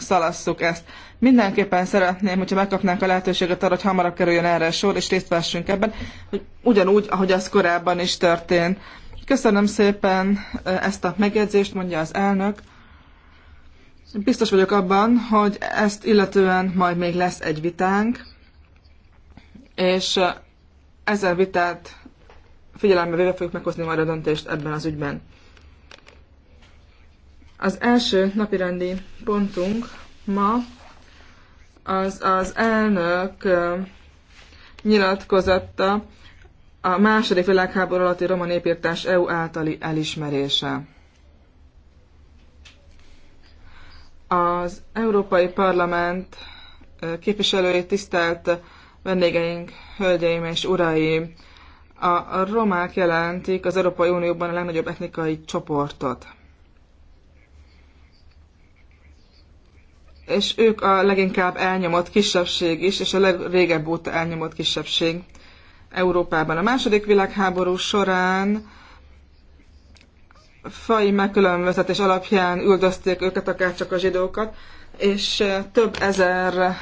szalasszuk ezt. Mindenképpen szeretném, hogyha megkapnánk a lehetőséget arra, hogy hamarabb kerüljön erre sor, és részt vessünk ebben, hogy ugyanúgy, ahogy az korábban is történt. Köszönöm szépen ezt a megjegyzést, mondja az elnök. Biztos vagyok abban, hogy ezt illetően majd még lesz egy vitánk, és ezen vitát figyelembe véve fogjuk meghozni majd a döntést ebben az ügyben. Az első napirendi pontunk ma az az elnök nyilatkozatta a második világháború alatti roma népírtás EU általi elismerése. Az Európai Parlament képviselői tisztelt vendégeink, hölgyeim és uraim! A romák jelentik az Európai Unióban a legnagyobb etnikai csoportot. és ők a leginkább elnyomott kisebbség is, és a legrégebb óta elnyomott kisebbség Európában. A második világháború során fai megkülönböztetés alapján üldözték őket, akár csak a zsidókat, és több ezer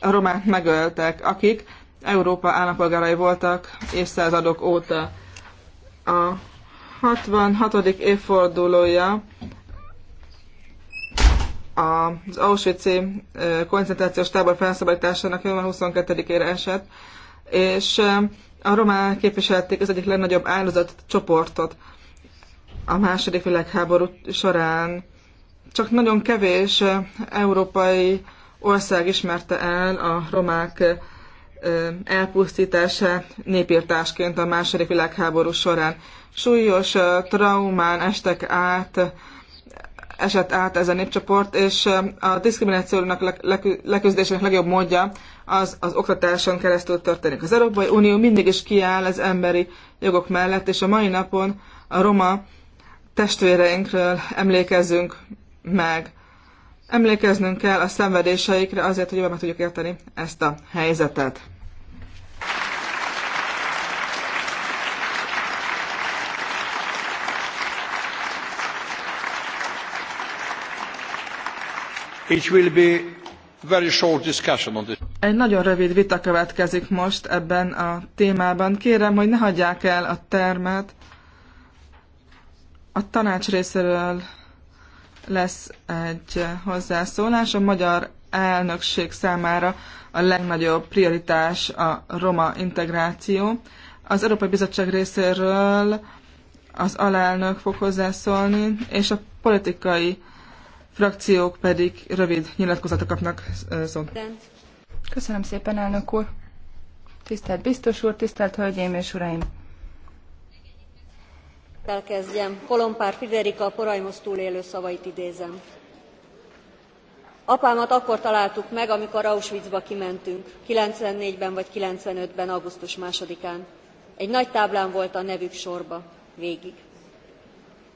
romát megöltek, akik Európa állampolgárai voltak évszázadok óta. A 66. évfordulója az Auschwitz-i koncentrációs tábor felszabadításának január 22-ére esett, és a román képviselték az egyik legnagyobb áldozat csoportot a második világháború során. Csak nagyon kevés európai ország ismerte el a romák elpusztítása népírtásként a második világháború során. Súlyos traumán estek át esett át ez a népcsoport, és a diszkriminációnak leküzdésének legjobb módja az az oktatáson keresztül történik. Az Európai Unió mindig is kiáll az emberi jogok mellett, és a mai napon a roma testvéreinkről emlékezzünk meg. Emlékeznünk kell a szenvedéseikre azért, hogy jobban meg tudjuk érteni ezt a helyzetet. Egy nagyon rövid vita következik most ebben a témában. Kérem, hogy ne hagyják el a termet. A tanács részéről lesz egy hozzászólás. A magyar elnökség számára a legnagyobb prioritás a roma integráció. Az Európai Bizottság részéről az alelnök fog hozzászólni, és a politikai frakciók pedig rövid nyilatkozatot kapnak szót. Köszönöm szépen, elnök úr! Tisztelt biztos úr, tisztelt hölgyeim és uraim! Elkezdjem. Kolompár Friderika Porajmos túlélő szavait idézem. Apámat akkor találtuk meg, amikor Auschwitzba kimentünk, 94-ben vagy 95-ben, augusztus 2-án. Egy nagy táblán volt a nevük sorba, végig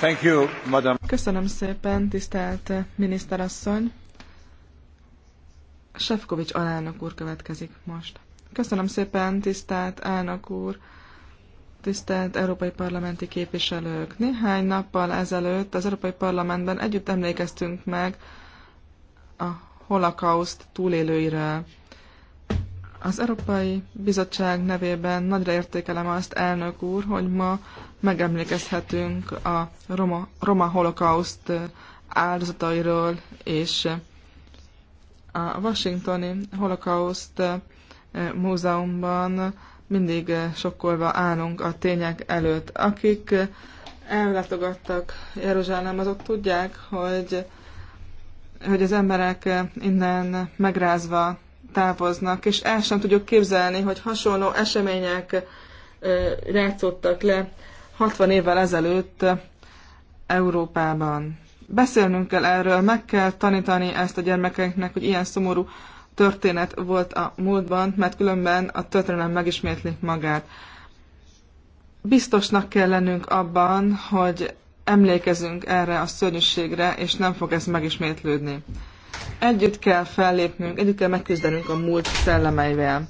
Thank you, madam. Köszönöm szépen, tisztelt miniszterasszony. Sefkovics alelnök úr következik most. Köszönöm szépen, tisztelt elnök úr, tisztelt európai parlamenti képviselők. Néhány nappal ezelőtt az Európai Parlamentben együtt emlékeztünk meg a holokauszt túlélőiről. Az Európai Bizottság nevében nagyra értékelem azt, elnök úr, hogy ma megemlékezhetünk a roma, roma holokauszt áldozatairól, és a Washingtoni holokauszt eh, múzeumban mindig eh, sokkolva állunk a tények előtt. Akik eh, ellátogattak Jeruzsálem, azok tudják, hogy, hogy az emberek innen megrázva távoznak, és el sem tudjuk képzelni, hogy hasonló események rátszottak le 60 évvel ezelőtt Európában. Beszélnünk kell erről, meg kell tanítani ezt a gyermekeinknek, hogy ilyen szomorú történet volt a múltban, mert különben a történelem megismétli magát. Biztosnak kell lennünk abban, hogy emlékezünk erre a szörnyűségre, és nem fog ez megismétlődni. Együtt kell fellépnünk, együtt kell megküzdenünk a múlt szellemeivel.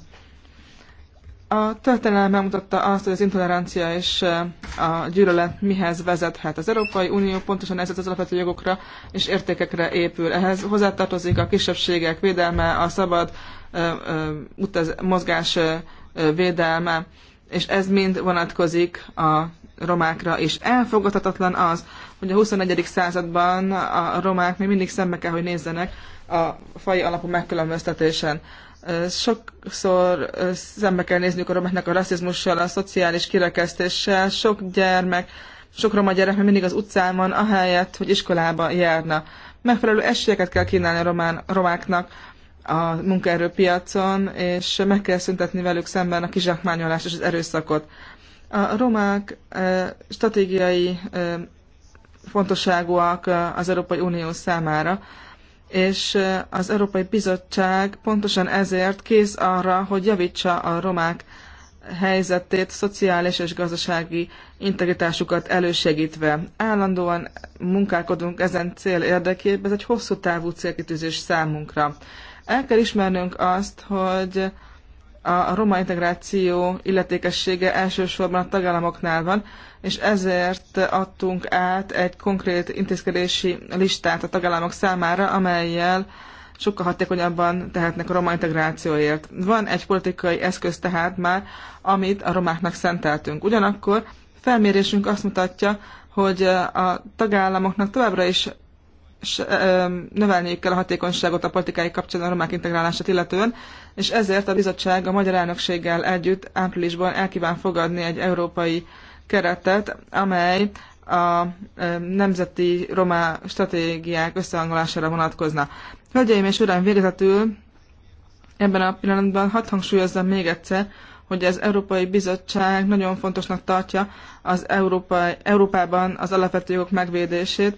A történelem megmutatta azt, hogy az intolerancia és eh, a gyűlölet mihez vezethet. Az Európai Unió pontosan ezért az alapvető jogokra és értékekre épül. Ehhez hozzátartozik a kisebbségek védelme, a szabad ö, eh, ö, eh, utaz, mozgás ö, védelme, és ez mind vonatkozik a romákra, és elfogadhatatlan az, hogy a 21. században a romák még mindig szembe kell, hogy nézzenek a fai alapú megkülönböztetésen. Sokszor szembe kell nézniük a romáknak a rasszizmussal, a szociális kirekesztéssel, sok gyermek, sok roma gyerek még mindig az utcán van, ahelyett, hogy iskolába járna. Megfelelő esélyeket kell kínálni a román, romáknak a munkaerőpiacon, és meg kell szüntetni velük szemben a kizsákmányolást és az erőszakot. A romák stratégiai fontosságúak eh, az Európai Unió számára, és eh, az Európai Bizottság pontosan ezért kész arra, hogy javítsa a romák helyzetét, szociális és gazdasági integritásukat elősegítve. Állandóan munkálkodunk ezen cél érdekében, ez egy hosszú távú célkitűzés számunkra. El kell ismernünk azt, hogy a roma integráció illetékessége elsősorban a tagállamoknál van, és ezért adtunk át egy konkrét intézkedési listát a tagállamok számára, amelyel sokkal hatékonyabban tehetnek a roma integrációért. Van egy politikai eszköz tehát már, amit a romáknak szenteltünk. Ugyanakkor felmérésünk azt mutatja, hogy a tagállamoknak továbbra is növelniük kell a hatékonyságot a politikai kapcsolatban a romák integrálását illetően, és ezért a bizottság a magyar elnökséggel együtt áprilisban elkíván fogadni egy európai keretet, amely a nemzeti romá stratégiák összehangolására vonatkozna. Hölgyeim és uraim, végezetül ebben a pillanatban hadd hangsúlyozzam még egyszer, hogy az Európai Bizottság nagyon fontosnak tartja az Európa, Európában az alapvető jogok megvédését,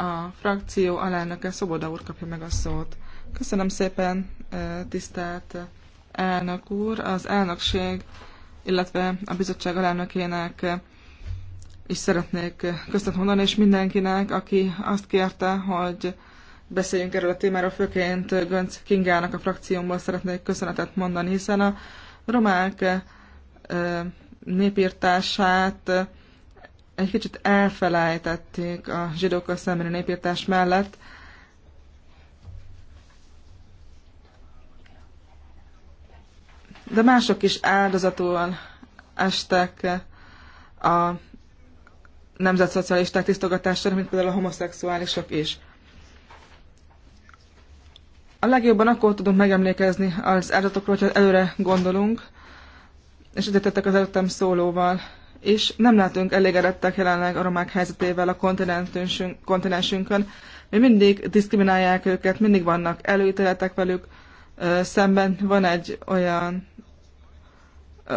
a frakció alelnöke Szoboda úr kapja meg a szót. Köszönöm szépen, tisztelt elnök úr. Az elnökség, illetve a bizottság alelnökének is szeretnék köszönet mondani, és mindenkinek, aki azt kérte, hogy beszéljünk erről a témáról, főként Gönc Kingának a frakciómból szeretnék köszönetet mondani, hiszen a romák népírtását egy kicsit elfelejtették a zsidókkal szembeni népírtás mellett. De mások is áldozatúan estek a nemzetszocialisták tisztogatására, mint például a homoszexuálisok is. A legjobban akkor tudunk megemlékezni az áldozatokról, hogyha előre gondolunk, és egyetettek az előttem szólóval és nem látunk elégedettek jelenleg a romák helyzetével a kontinensünkön. Mi mindig diszkriminálják őket, mindig vannak előítéletek velük szemben. Van egy olyan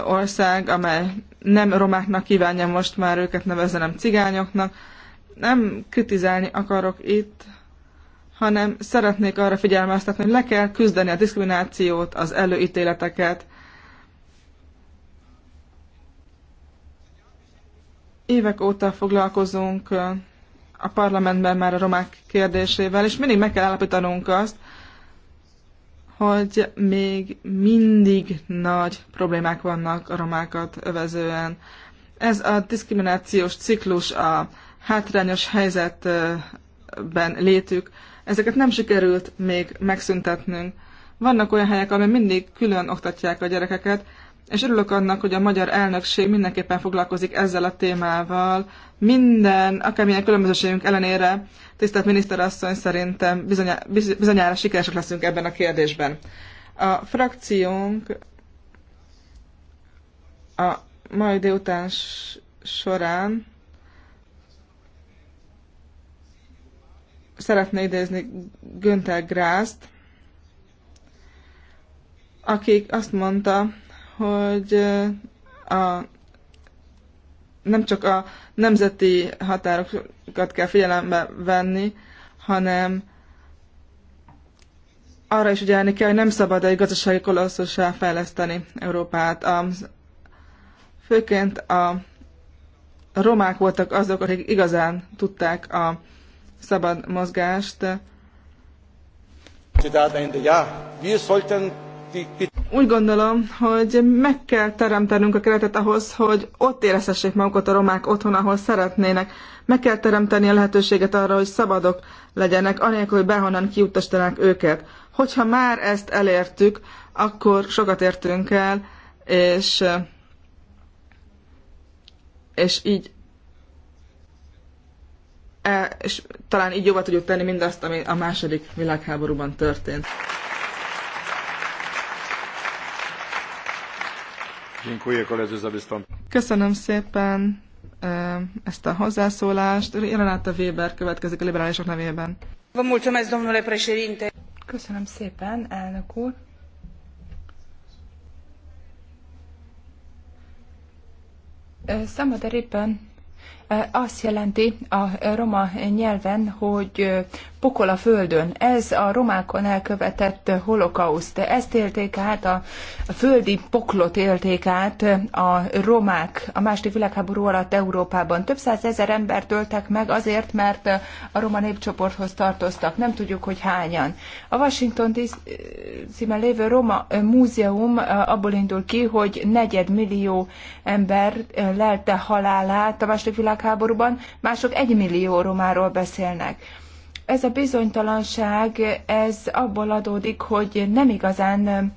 ország, amely nem romáknak kívánja most már őket nevezze, nem cigányoknak. Nem kritizálni akarok itt, hanem szeretnék arra figyelmeztetni, hogy le kell küzdeni a diszkriminációt, az előítéleteket, Évek óta foglalkozunk a parlamentben már a romák kérdésével, és mindig meg kell állapítanunk azt, hogy még mindig nagy problémák vannak a romákat övezően. Ez a diszkriminációs ciklus, a hátrányos helyzetben létük, ezeket nem sikerült még megszüntetnünk. Vannak olyan helyek, amely mindig külön oktatják a gyerekeket, és örülök annak, hogy a magyar elnökség mindenképpen foglalkozik ezzel a témával. Minden, akármilyen különbözőségünk ellenére, tisztelt miniszterasszony, szerintem bizonyá, bizonyára sikeresek leszünk ebben a kérdésben. A frakciónk a mai délután során szeretne idézni Günther Grászt, aki azt mondta, hogy a, nem csak a nemzeti határokat kell figyelembe venni, hanem arra is ugye kell, hogy nem szabad egy gazdasági kolosszussá fejleszteni Európát. A, főként a romák voltak azok, akik igazán tudták a szabad mozgást úgy gondolom, hogy meg kell teremtenünk a keretet ahhoz, hogy ott érezhessék magukat a romák otthon, ahol szeretnének. Meg kell teremteni a lehetőséget arra, hogy szabadok legyenek, anélkül, hogy behonnan kiutasítanák őket. Hogyha már ezt elértük, akkor sokat értünk el, és, és így e, és talán így jobban tudjuk tenni mindazt, ami a második világháborúban történt. Köszönöm szépen ezt a hozzászólást. Jelenáta Weber következik a liberálisok nevében. Köszönöm szépen, elnök úr. Szamad Ripen azt jelenti a roma nyelven, hogy pokol a földön. Ez a romákon elkövetett holokauszt. Ezt élték át, a, földi poklot élték át a romák a második világháború alatt Európában. Több százezer embert öltek meg azért, mert a roma népcsoporthoz tartoztak. Nem tudjuk, hogy hányan. A Washington dc lévő Roma Múzeum abból indul ki, hogy negyed millió ember lelte halálát a második világháború világháborúban, mások egy millió romáról beszélnek. Ez a bizonytalanság, ez abból adódik, hogy nem igazán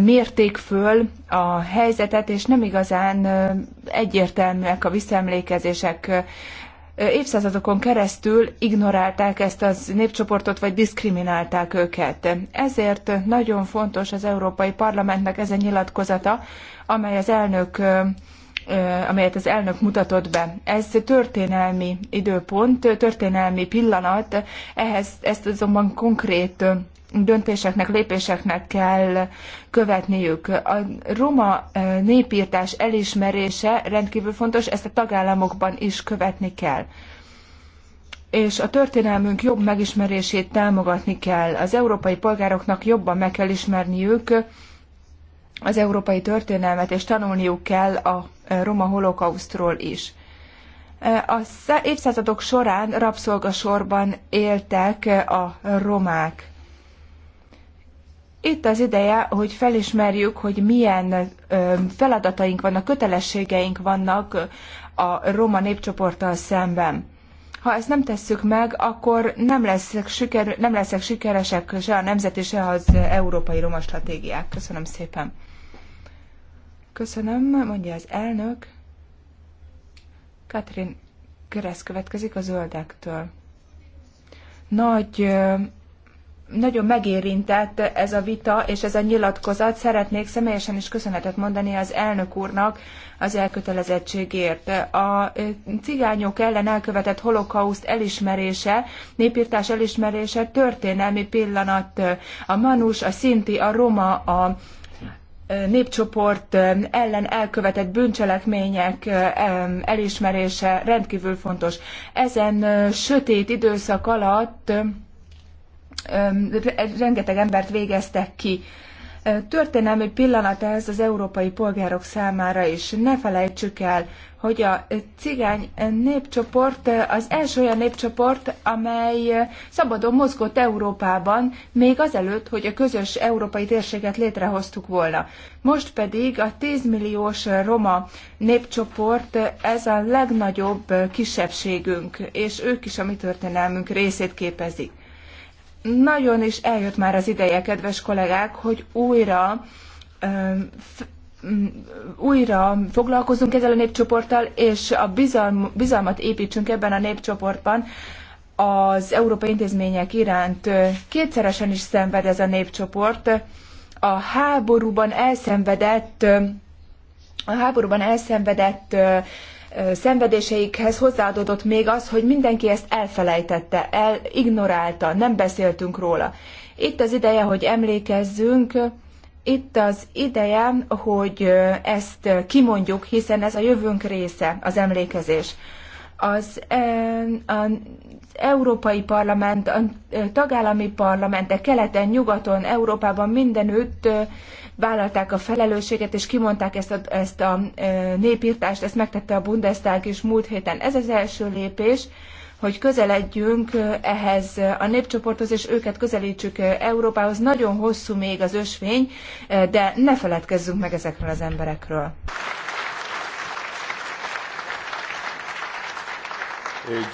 mérték föl a helyzetet, és nem igazán egyértelműek a visszaemlékezések. Évszázadokon keresztül ignorálták ezt az népcsoportot, vagy diszkriminálták őket. Ezért nagyon fontos az Európai Parlamentnek ez a nyilatkozata, amely az elnök amelyet az elnök mutatott be. Ez történelmi időpont, történelmi pillanat, ehhez ezt azonban konkrét döntéseknek, lépéseknek kell követniük. A roma népírtás elismerése rendkívül fontos, ezt a tagállamokban is követni kell és a történelmünk jobb megismerését támogatni kell. Az európai polgároknak jobban meg kell ismerniük az európai történelmet, és tanulniuk kell a Eh, roma holokausztról is. Eh, az évszázadok során rabszolgasorban éltek eh, a romák. Itt az ideje, hogy felismerjük, hogy milyen feladataink vannak, kötelességeink vannak a roma népcsoporttal szemben. Ha ezt nem tesszük meg, akkor nem leszek, siker, nem leszek sikeresek se a nemzeti, se az európai roma stratégiák. Köszönöm szépen. Köszönöm, mondja az elnök. Katrin Keresz következik a zöldektől. Nagy, nagyon megérintett ez a vita és ez a nyilatkozat. Szeretnék személyesen is köszönetet mondani az elnök úrnak az elkötelezettségért. A cigányok ellen elkövetett holokauszt elismerése, népírtás elismerése történelmi pillanat. A manus, a szinti, a roma, a népcsoport ellen elkövetett bűncselekmények elismerése rendkívül fontos. Ezen sötét időszak alatt rengeteg embert végeztek ki Történelmi pillanat ez az európai polgárok számára is. Ne felejtsük el, hogy a cigány népcsoport az első olyan népcsoport, amely szabadon mozgott Európában, még azelőtt, hogy a közös európai térséget létrehoztuk volna. Most pedig a 10 milliós roma népcsoport, ez a legnagyobb kisebbségünk, és ők is a mi történelmünk részét képezik nagyon is eljött már az ideje, kedves kollégák, hogy újra újra foglalkozunk ezzel a népcsoporttal, és a bizalm, bizalmat építsünk ebben a népcsoportban az európai intézmények iránt. Kétszeresen is szenved ez a népcsoport. A háborúban elszenvedett a háborúban elszenvedett szenvedéseikhez hozzáadódott még az, hogy mindenki ezt elfelejtette, elignorálta, ignorálta, nem beszéltünk róla. Itt az ideje, hogy emlékezzünk, itt az ideje, hogy ezt kimondjuk, hiszen ez a jövőnk része, az emlékezés. Az, a Európai Parlament, a tagállami parlamentek keleten, nyugaton, Európában mindenütt vállalták a felelősséget, és kimondták ezt a, ezt a népírtást, ezt megtette a Bundestag is múlt héten. Ez az első lépés, hogy közeledjünk ehhez a népcsoporthoz, és őket közelítsük Európához. Nagyon hosszú még az ösvény, de ne feledkezzünk meg ezekről az emberekről.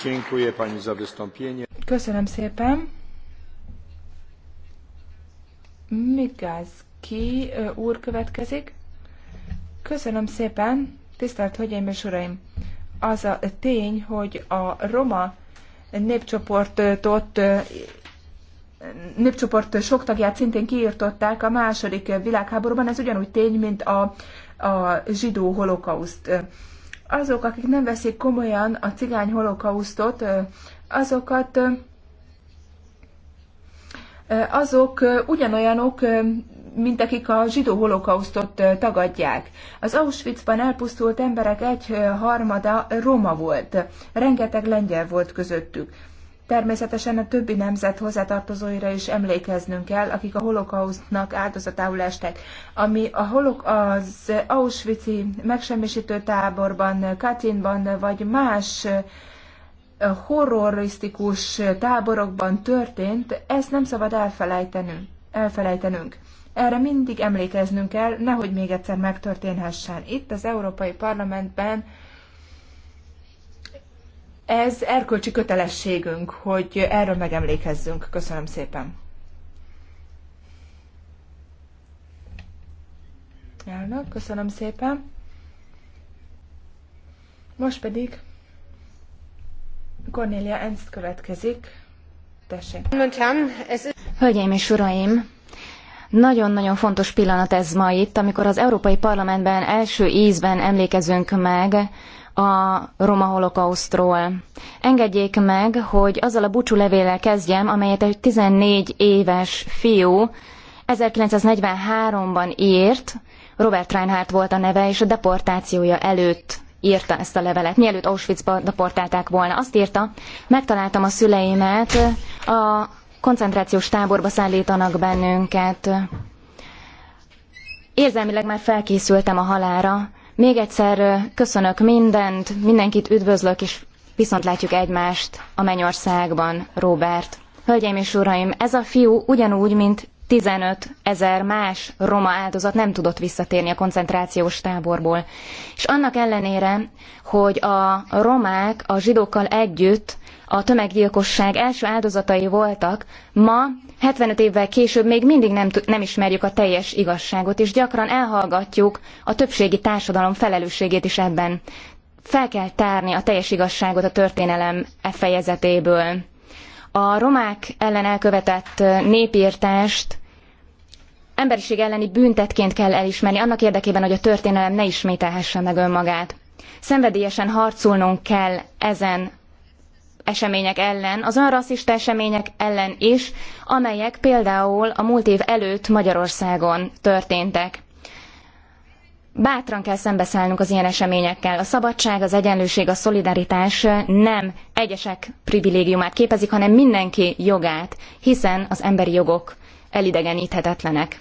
Dziękuję pani za wystąpienie. Köszönöm szépen. Migászki úr következik. Köszönöm szépen, tisztelt Hölgyeim és Uraim! Az a tény, hogy a roma népcsoportot népcsoport sok tagját szintén kiirtották a második világháborúban, ez ugyanúgy tény, mint a, a zsidó holokauszt azok, akik nem veszik komolyan a cigány holokausztot, azokat azok ugyanolyanok, mint akik a zsidó holokausztot tagadják. Az Auschwitzban elpusztult emberek egy harmada roma volt, rengeteg lengyel volt közöttük. Természetesen a többi nemzet hozzátartozóira is emlékeznünk kell, akik a holokausznak áldozatául estek. Ami a holok az Auschwitz-i megsemmisítő táborban, Katinban vagy más horrorisztikus táborokban történt, ezt nem szabad elfelejtenünk. elfelejtenünk. Erre mindig emlékeznünk kell, nehogy még egyszer megtörténhessen. Itt az Európai Parlamentben ez erkölcsi kötelességünk, hogy erről megemlékezzünk. Köszönöm szépen. Elnök, köszönöm szépen. Most pedig Cornelia Ernst következik. Tessék. Hölgyeim és uraim, nagyon-nagyon fontos pillanat ez ma itt, amikor az Európai Parlamentben első ízben emlékezünk meg a roma holokausztról. Engedjék meg, hogy azzal a búcsú levéllel kezdjem, amelyet egy 14 éves fiú 1943-ban írt, Robert Reinhardt volt a neve, és a deportációja előtt írta ezt a levelet, mielőtt Auschwitzba deportálták volna. Azt írta, megtaláltam a szüleimet, a koncentrációs táborba szállítanak bennünket. Érzelmileg már felkészültem a halára, még egyszer köszönök mindent, mindenkit üdvözlök, és viszont látjuk egymást a mennyországban, Robert. Hölgyeim és uraim, ez a fiú ugyanúgy, mint 15 ezer más roma áldozat nem tudott visszatérni a koncentrációs táborból. És annak ellenére, hogy a romák a zsidókkal együtt a tömeggyilkosság első áldozatai voltak, ma 75 évvel később még mindig nem, nem ismerjük a teljes igazságot, és gyakran elhallgatjuk a többségi társadalom felelősségét is ebben. Fel kell tárni a teljes igazságot a történelem e fejezetéből. A romák ellen elkövetett népírtást emberiség elleni büntetként kell elismerni, annak érdekében, hogy a történelem ne ismételhesse meg önmagát. Szenvedélyesen harcolnunk kell ezen események ellen, az olyan rasszista események ellen is, amelyek például a múlt év előtt Magyarországon történtek. Bátran kell szembeszállnunk az ilyen eseményekkel. A szabadság, az egyenlőség, a szolidaritás nem egyesek privilégiumát képezik, hanem mindenki jogát, hiszen az emberi jogok elidegeníthetetlenek.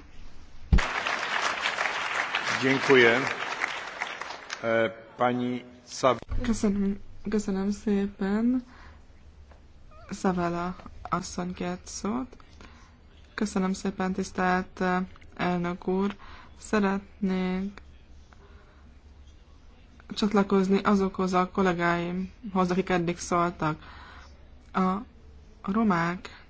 E, köszönöm, köszönöm szépen. Szavala asszony kért szót. Köszönöm szépen, tisztelt elnök úr. Szeretnék csatlakozni azokhoz a kollégáimhoz, akik eddig szóltak. A romák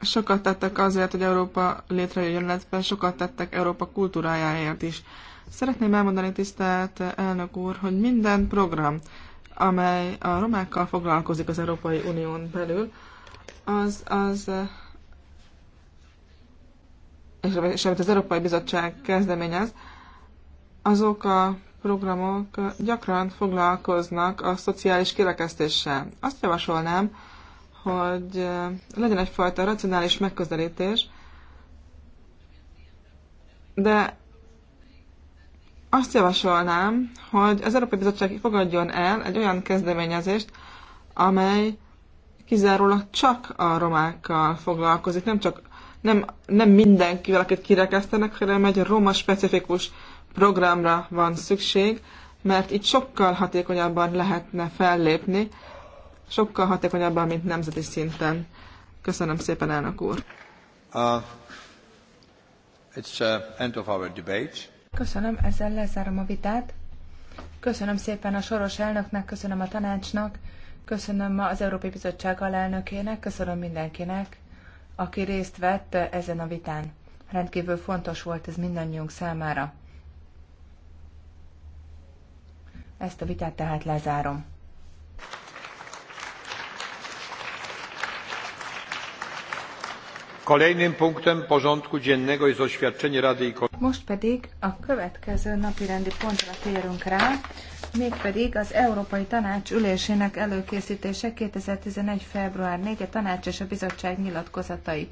sokat tettek azért, hogy Európa létrejöjjön, illetve sokat tettek Európa kultúrájáért is. Szeretném elmondani, tisztelt elnök úr, hogy minden program, amely a romákkal foglalkozik az Európai Unión belül, az, az és amit az Európai Bizottság kezdeményez, azok a programok gyakran foglalkoznak a szociális kirekesztéssel. Azt javasolnám, hogy legyen egyfajta racionális megközelítés, de azt javasolnám, hogy az Európai Bizottság fogadjon el egy olyan kezdeményezést, amely kizárólag csak a romákkal foglalkozik, nem csak nem, nem mindenkivel, akit kirekesztenek, hanem egy roma specifikus programra van szükség, mert itt sokkal hatékonyabban lehetne fellépni, sokkal hatékonyabban, mint nemzeti szinten. Köszönöm szépen, elnök úr! Uh, it's, uh, end of our debate. Köszönöm, ezzel lezárom a vitát. Köszönöm szépen a soros elnöknek, köszönöm a tanácsnak, köszönöm az Európai Bizottság alelnökének, köszönöm mindenkinek, aki részt vett ezen a vitán. Rendkívül fontos volt ez mindannyiunk számára. Ezt a vitát tehát lezárom. Kolejnym punktem porządku dziennego jest oświadczenie Rady i Komisji. Most pedig a következő napirendi pontra térünk rá, mégpedig az Európai Tanács ülésének előkészítése 2011. február 4-e tanács és a bizottság nyilatkozatai.